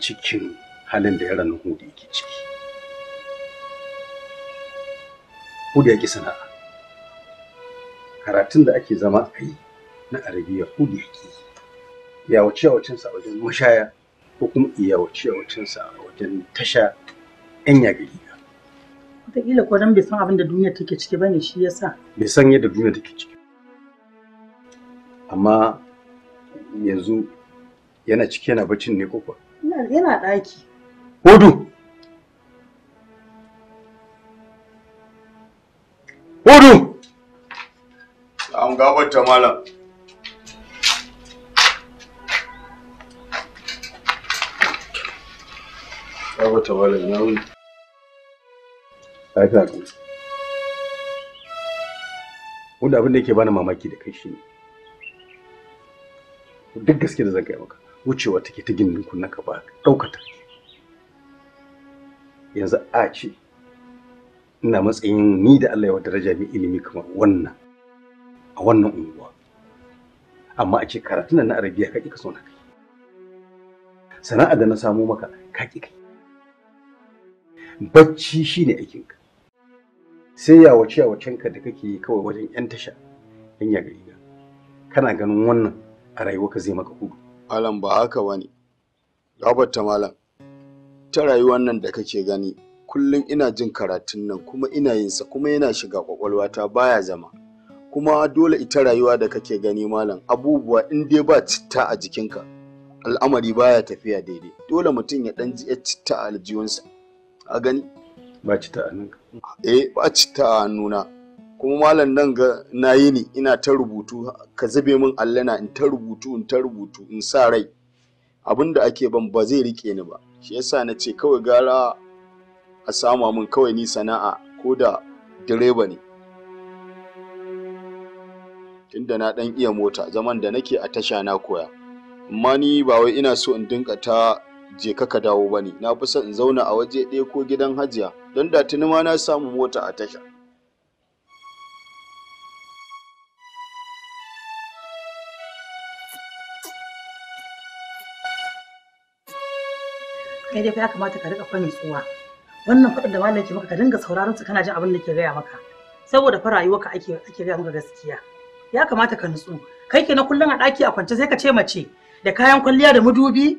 cikin halin da yaran Hudu yake ciki. Hudu ya sana'a. Karatun da ake zama a yi na Arabiya Hudu ya Yawace yawacensa wajen mashaya ko kuma yawace yawacensa sa wajen tasha 'yan yagiri. Wataƙila ko dan bai san abin da duniya take ciki bane shi yasa. Bai san yadda duniya take ciki. Amma yanzu yana ciki yana bacin ne kokwa Yana ɗaki. Hudu. Hudu. An gabata malam. Gabata malam na wuni. Lafiya kan. Wanda abin da yake bani mamaki da kai shi ne. Duk gaske da zan kai maka. wucewa take ta gindin ku na gaba ɗaukata yanzu a ce ina matsayin ni da Allah ya daraja mai ilimi kamar wannan a wannan unguwa amma a ce karatun na arabiya ka ka sona kai sana'a da na samo maka ka kai bacci shine aikinka sai yawace yawacenka da kake yi kawai wajen yan tasha yan yaga kana ganin wannan a rayuwa ka zai maka hudu Malam ba haka ba ne. Gabarta malam, ta rayuwar nan da kake gani, kullum ina jin karatun nan kuma ina yinsa kuma yana shiga kwakwalwa ta baya zama. Kuma dole ita rayuwa da kake gani malam abubuwa in dai ba citta a jikinka, al'amari baya tafiya daidai. Dole mutum ya ɗan ji citta a aljihunsa. A gani? Ba citta a nan. Eh, ba citta a nuna. kuma malam nan ga na yi ni ina ta rubutu ka zube min allana in ta rubutu in ta rubutu in sa rai abin da ake ban ba zai rike ni ba shi yasa na ce kawai gara a sama min kawai ni sana'a ko da direba ne tunda na dan iya mota zaman da nake a tasha na koya amma ni ba wai ina so in dinka ta je ka dawo bane na fi son in zauna a waje ɗaya ko gidan hajiya don da tuni ma na samu mota a tasha kai dai ya kamata ka rika fannin tsuwa wannan kuɗin da malam ke maka ka dinga sauraron su kana jin abin da ke gaya maka saboda fa rayuwarka ake ake gaya maka gaskiya ya kamata ka nutsu kai ke na kullum a ɗaki a kwance sai ka ce mace da kayan kwalliya da madubi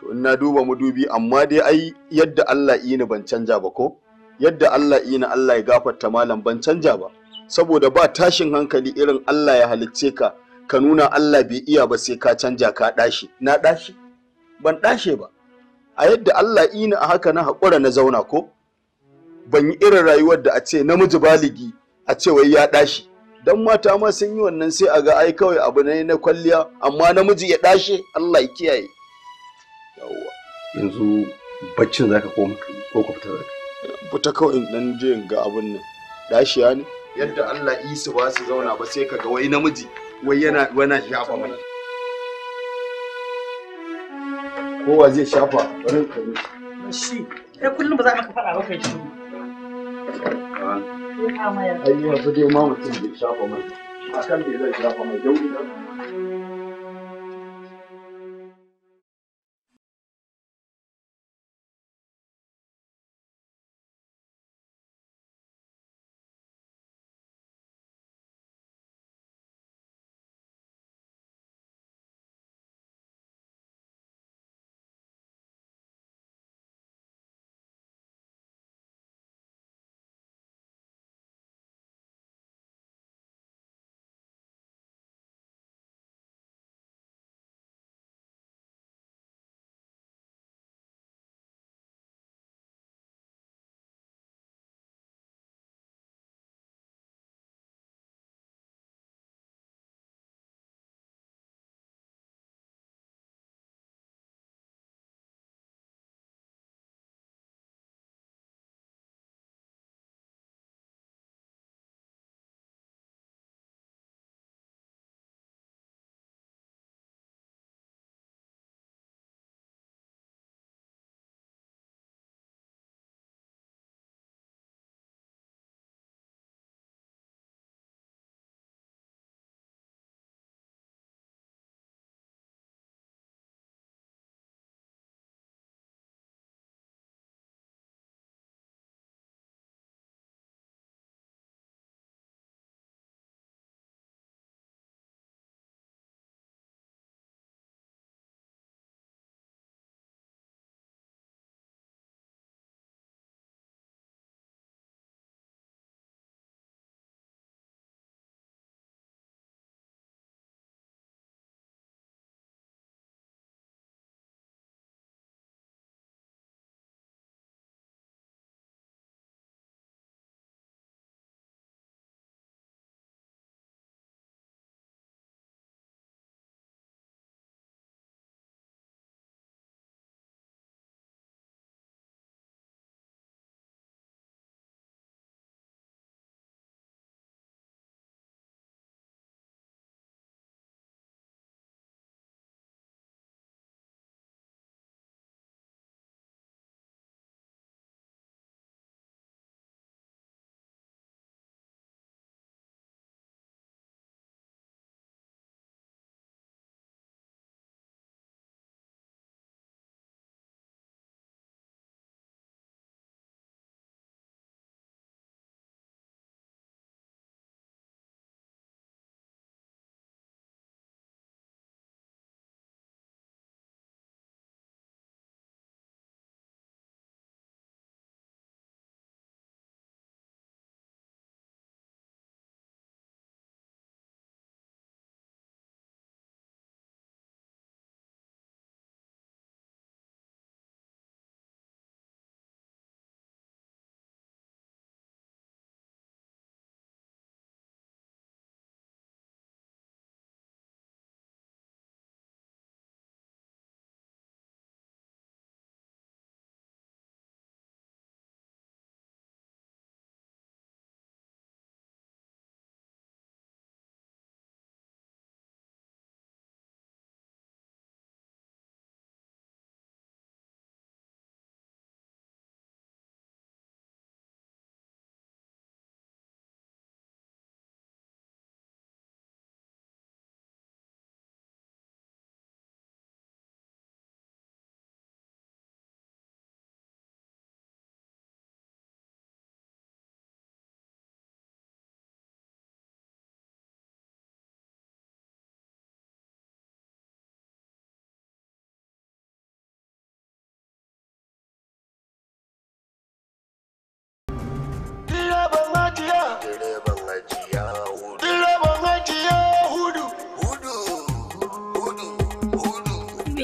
to ina duba madubi amma dai ai yadda Allah yi ni ban canja ba ko yadda Allah yi ni Allah ya gafarta malam ban canja ba saboda ba tashin hankali irin Allah ya halicce ka ka nuna Allah bai iya ba sai ka canja ka ɗashi na ɗashi ban ɗashe ba a yadda Allah ina a haka na haƙura na zauna ko ban yi irin rayuwar da a ce namiji baligi a ce wai ya ɗashi dan mata ma sun yi wannan sai a ga ai kawai abu ne na kwalliya amma namiji ya ɗashe Allah ya kiyaye yanzu baccin zaka koma ko ka fita zaka fita kawai nan je in ga abun nan ɗashiya ne yadda Allah isa ba su zauna ba sai ka ga wai namiji wai yana wana shafa mai kowa zai shafa barin kare. ne shi kai kullum ba za maka faɗa ba kai shi ai ya fi dai ma mutum zai shafa mai akan bai zai shafa mai jauri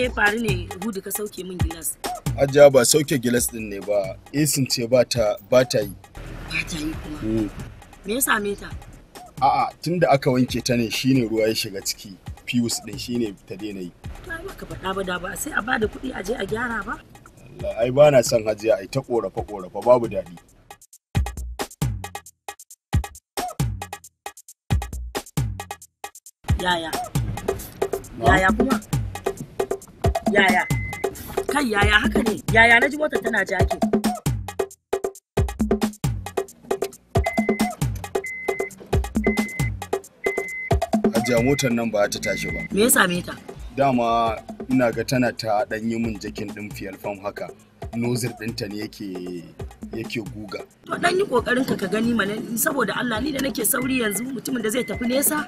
ya faru ne hudu ka sauke min gilas ajiya ba sauke gilas din ne ba esin ce ba ta yi ba ta yi kuma mm. me ya same ta a'a da aka wanke ta ne shi ne ruwa ya shiga ciki fius din ne ta daina yi ai ba da ba sai a bada kuɗi a je a gyara ba Allah ba na son hajiya ai ta korafa korafa babu daɗi yaya yaya kuma Yaya? Kai yaya haka ne? Yaya na ji motar tana jaki. Ajiya motar nan ba ta tashi ba. Me ya same ta? Dama ina ga tana ta ɗan yi min jakin ɗin fiyal fam haka. Nozir ɗinta ne yake yake guga. To ɗan yi ƙoƙarin ka ka gani mana saboda Allah ni da nake sauri yanzu mutumin da zai tafi nesa.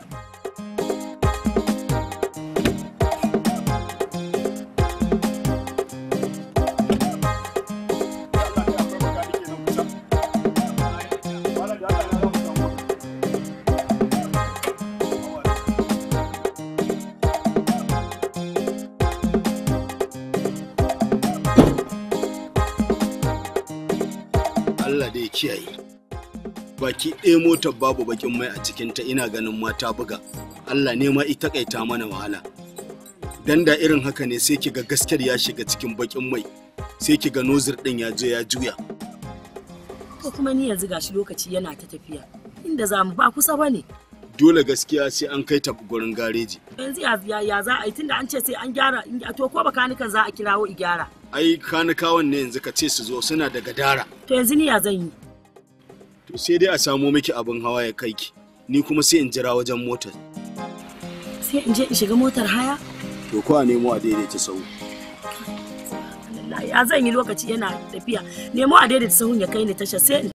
kiyaye baki ɗaya motar babu bakin mai a cikinta ina ganin mata buga allah ne ma ita kaita mana wahala dan da irin haka ne sai kiga gaskiyar ya shiga cikin bakin mai sai kiga nozir din ya je ya juya ko kuma ni yanzu gashi lokaci yana ta tafiya inda za mu ba kusa bane dole gaskiya sai an kai ta gurin gareji yanzu ya za a yi tunda an ce sai an gyara to ko bakanikan za a kirawo i gyara ai kanikawan ne yanzu ka ce su zo suna daga dara. to yanzu ni ya zan yi to sai dai a samo miki abin hawa ya kai ki ni kuma sai in jira wajen motar sai in je in shiga motar haya to ko a nemo a daidaita sahu ya zan yi lokaci yana tafiya nemo a daidaita sahun ya kai ni tasha sai